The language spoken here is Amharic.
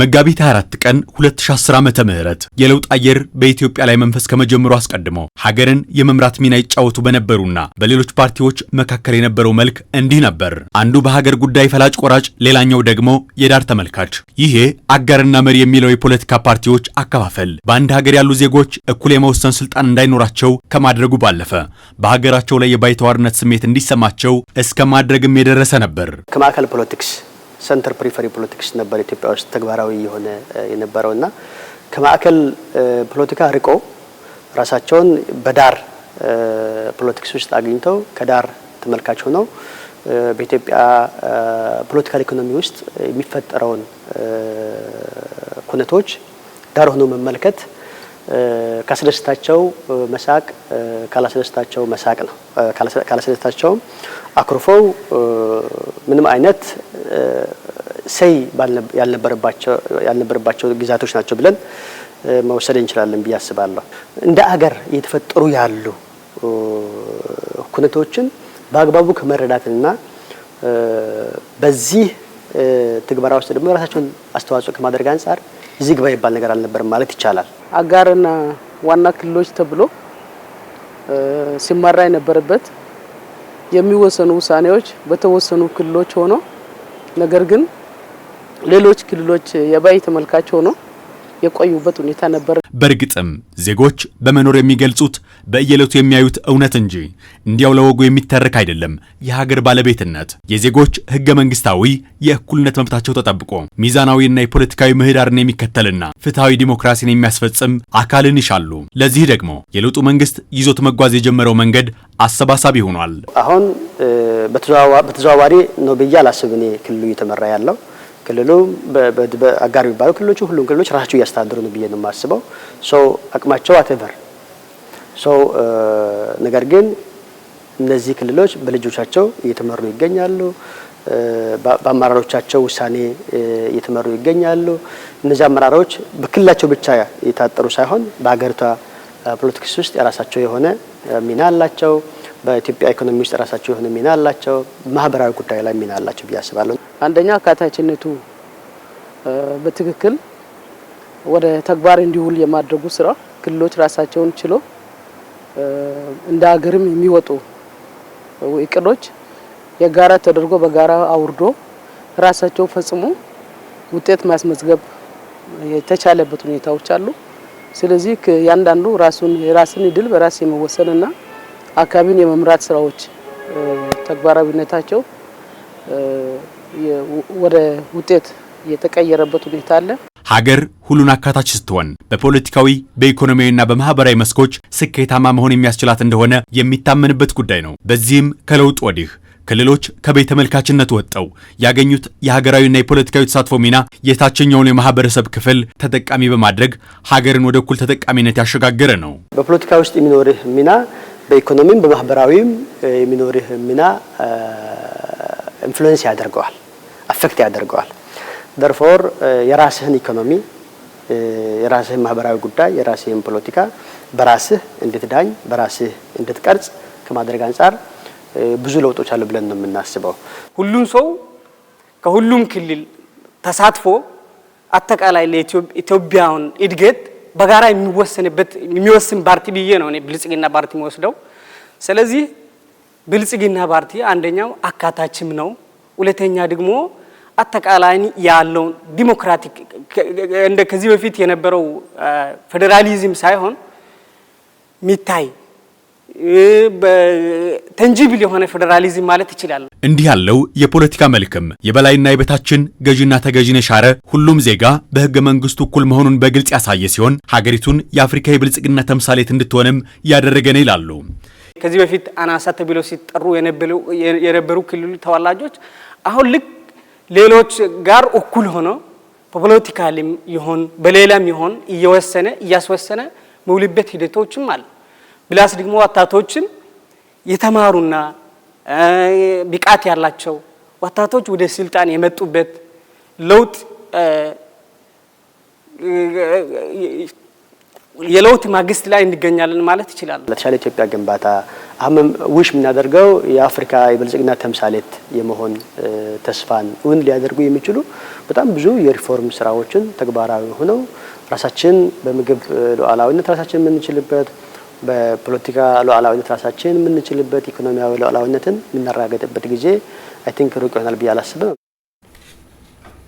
መጋቢት 24 ቀን 2010 ዓመተ ምህረት የለውጥ አየር በኢትዮጵያ ላይ መንፈስ ከመጀመሩ አስቀድሞ ሀገርን የመምራት ሚና ይጫወቱ በነበሩና በሌሎች ፓርቲዎች መካከል የነበረው መልክ እንዲህ ነበር። አንዱ በሀገር ጉዳይ ፈላጭ ቆራጭ፣ ሌላኛው ደግሞ የዳር ተመልካች። ይሄ አጋርና መሪ የሚለው የፖለቲካ ፓርቲዎች አከፋፈል በአንድ ሀገር ያሉ ዜጎች እኩል የመወሰን ስልጣን እንዳይኖራቸው ከማድረጉ ባለፈ በሀገራቸው ላይ የባይተዋርነት ስሜት እንዲሰማቸው እስከ ማድረግም የደረሰ ነበር። ከማዕከል ፖለቲክስ ሰንተር ፕሪፈሪ ፖለቲክስ ነበር ኢትዮጵያ ውስጥ ተግባራዊ የሆነ የነበረው እና ከማዕከል ፖለቲካ ርቆ ራሳቸውን በዳር ፖለቲክስ ውስጥ አግኝተው ከዳር ተመልካች ሆነው በኢትዮጵያ ፖለቲካል ኢኮኖሚ ውስጥ የሚፈጠረውን ኩነቶች ዳር ሆኖ መመልከት ካስደስታቸው መሳቅ ካላስደስታቸው መሳቅ ነው። ካላስደስታቸውም አኩርፈው ምንም አይነት ሰይ ያልነበረባቸው ግዛቶች ናቸው ብለን መውሰድ እንችላለን ብዬ አስባለሁ። እንደ አገር እየተፈጠሩ ያሉ ኩነቶችን በአግባቡ ከመረዳትና በዚህ ትግበራ ውስጥ ደግሞ የራሳቸውን አስተዋጽኦ ከማድረግ አንጻር እዚህ ግባ ይባል ነገር አልነበርም ማለት ይቻላል። አጋርና ዋና ክልሎች ተብሎ ሲመራ የነበረበት የሚወሰኑ ውሳኔዎች በተወሰኑ ክልሎች ሆኖ ነገር ግን ሌሎች ክልሎች የባይ ተመልካች ሆኖ የቆዩበት ሁኔታ ነበር። በእርግጥም ዜጎች በመኖር የሚገልጹት በየዕለቱ የሚያዩት እውነት እንጂ እንዲያው ለወጉ የሚተረክ አይደለም። የሀገር ባለቤትነት የዜጎች ህገ መንግስታዊ የእኩልነት መብታቸው ተጠብቆ ሚዛናዊና የፖለቲካዊ ምህዳርን የሚከተልና ፍትሐዊ ዲሞክራሲን የሚያስፈጽም አካልን ይሻሉ። ለዚህ ደግሞ የለውጡ መንግስት ይዞት መጓዝ የጀመረው መንገድ አሰባሳቢ ሆኗል። አሁን በተዘዋዋሪ ነው ብዬ አላስብ። እኔ ክልሉ እየተመራ ያለው ክልሉ አጋር የሚባሉ ክልሎች ሁሉም ክልሎች ራሳቸው እያስተዳደሩ ነው ብዬ ነው የማስበው። ሰው አቅማቸው አተቨር ሰው ነገር ግን እነዚህ ክልሎች በልጆቻቸው እየተመሩ ይገኛሉ። በአመራሮቻቸው ውሳኔ እየተመሩ ይገኛሉ። እነዚህ አመራሮች በክልላቸው ብቻ የታጠሩ ሳይሆን በሀገሪቷ ፖለቲክስ ውስጥ የራሳቸው የሆነ ሚና አላቸው። በኢትዮጵያ ኢኮኖሚ ውስጥ የራሳቸው የሆነ ሚና አላቸው። ማህበራዊ ጉዳይ ላይ ሚና አላቸው ብዬ አስባለሁ። አንደኛ አካታችነቱ በትክክል ወደ ተግባር እንዲውል የማድረጉ ስራ ክልሎች ራሳቸውን ችሎ እንደ ሀገርም የሚወጡ እቅዶች የጋራ ተደርጎ በጋራ አውርዶ ራሳቸው ፈጽሞ ውጤት ማስመዝገብ የተቻለበት ሁኔታዎች አሉ። ስለዚህ ያንዳንዱ ራሱን የራስን ድል በራስ የመወሰንና አካባቢን የመምራት ስራዎች ተግባራዊነታቸው ወደ ውጤት የተቀየረበት ሁኔታ አለ። ሀገር ሁሉን አካታች ስትሆን በፖለቲካዊ በኢኮኖሚያዊና በማህበራዊ መስኮች ስኬታማ መሆን የሚያስችላት እንደሆነ የሚታመንበት ጉዳይ ነው። በዚህም ከለውጥ ወዲህ ክልሎች ከቤተ መልካችነት ወጥተው ያገኙት የሀገራዊና የፖለቲካዊ ተሳትፎ ሚና የታችኛውን የማህበረሰብ ክፍል ተጠቃሚ በማድረግ ሀገርን ወደ እኩል ተጠቃሚነት ያሸጋገረ ነው። በፖለቲካ ውስጥ የሚኖርህ ሚና በኢኮኖሚም በማህበራዊም የሚኖርህ ሚና ኢንፍሉዌንስ ያደርገዋል። አፌክት ያደርገዋል። ደርፎር የራስህን ኢኮኖሚ፣ የራስህን ማህበራዊ ጉዳይ፣ የራስህን ፖለቲካ በራስህ እንድትዳኝ በራስህ እንድትቀርጽ ከማድረግ አንጻር ብዙ ለውጦች አሉ ብለን ነው የምናስበው። ሁሉም ሰው ከሁሉም ክልል ተሳትፎ አጠቃላይ ለኢትዮጵያውን እድገት በጋራ የሚወሰንበት የሚወስን ፓርቲ ብዬ ነው እኔ ብልጽግና ፓርቲ የሚወስደው። ስለዚህ ብልጽግና ፓርቲ አንደኛው አካታችም ነው፣ ሁለተኛ ደግሞ አጠቃላይ ያለውን ዲሞክራቲክ እንደ ከዚህ በፊት የነበረው ፌዴራሊዝም ሳይሆን ሚታይ ተንጂብል የሆነ ፌዴራሊዝም ማለት ይችላል። እንዲህ ያለው የፖለቲካ መልክም የበላይና የበታችን ገዢና ተገዥን የሻረ ሁሉም ዜጋ በህገ መንግስቱ እኩል መሆኑን በግልጽ ያሳየ ሲሆን ሀገሪቱን የአፍሪካ የብልጽግና ተምሳሌት እንድትሆንም ያደረገ ነው ይላሉ። ከዚህ በፊት አናሳ ተብሎ ሲጠሩ የነበሩ ክልሉ ተወላጆች አሁን ልክ ሌሎች ጋር እኩል ሆኖ በፖለቲካሊም ይሆን በሌላም ይሆን እየወሰነ እያስወሰነ መውልበት ሂደቶችም አሉ። ብላስ ደግሞ ወጣቶችም የተማሩና ብቃት ያላቸው ወጣቶች ወደ ስልጣን የመጡበት ለውጥ የለውጥ ማግስት ላይ እንገኛለን ማለት ይችላል። ለተሻለ ኢትዮጵያ ግንባታ አሁን ውሽ የምናደርገው የአፍሪካ የብልጽግና ተምሳሌት የመሆን ተስፋን እውን ሊያደርጉ የሚችሉ በጣም ብዙ የሪፎርም ስራዎችን ተግባራዊ ሆነው ራሳችን በምግብ ሉዓላዊነት ራሳችን የምንችልበት በፖለቲካ ሉዓላዊነት ራሳችን የምንችልበት ኢኮኖሚያዊ ሉዓላዊነትን የምናረጋገጥበት ጊዜ አይ ቲንክ ሩቅ ይሆናል ብዬ አላስብም።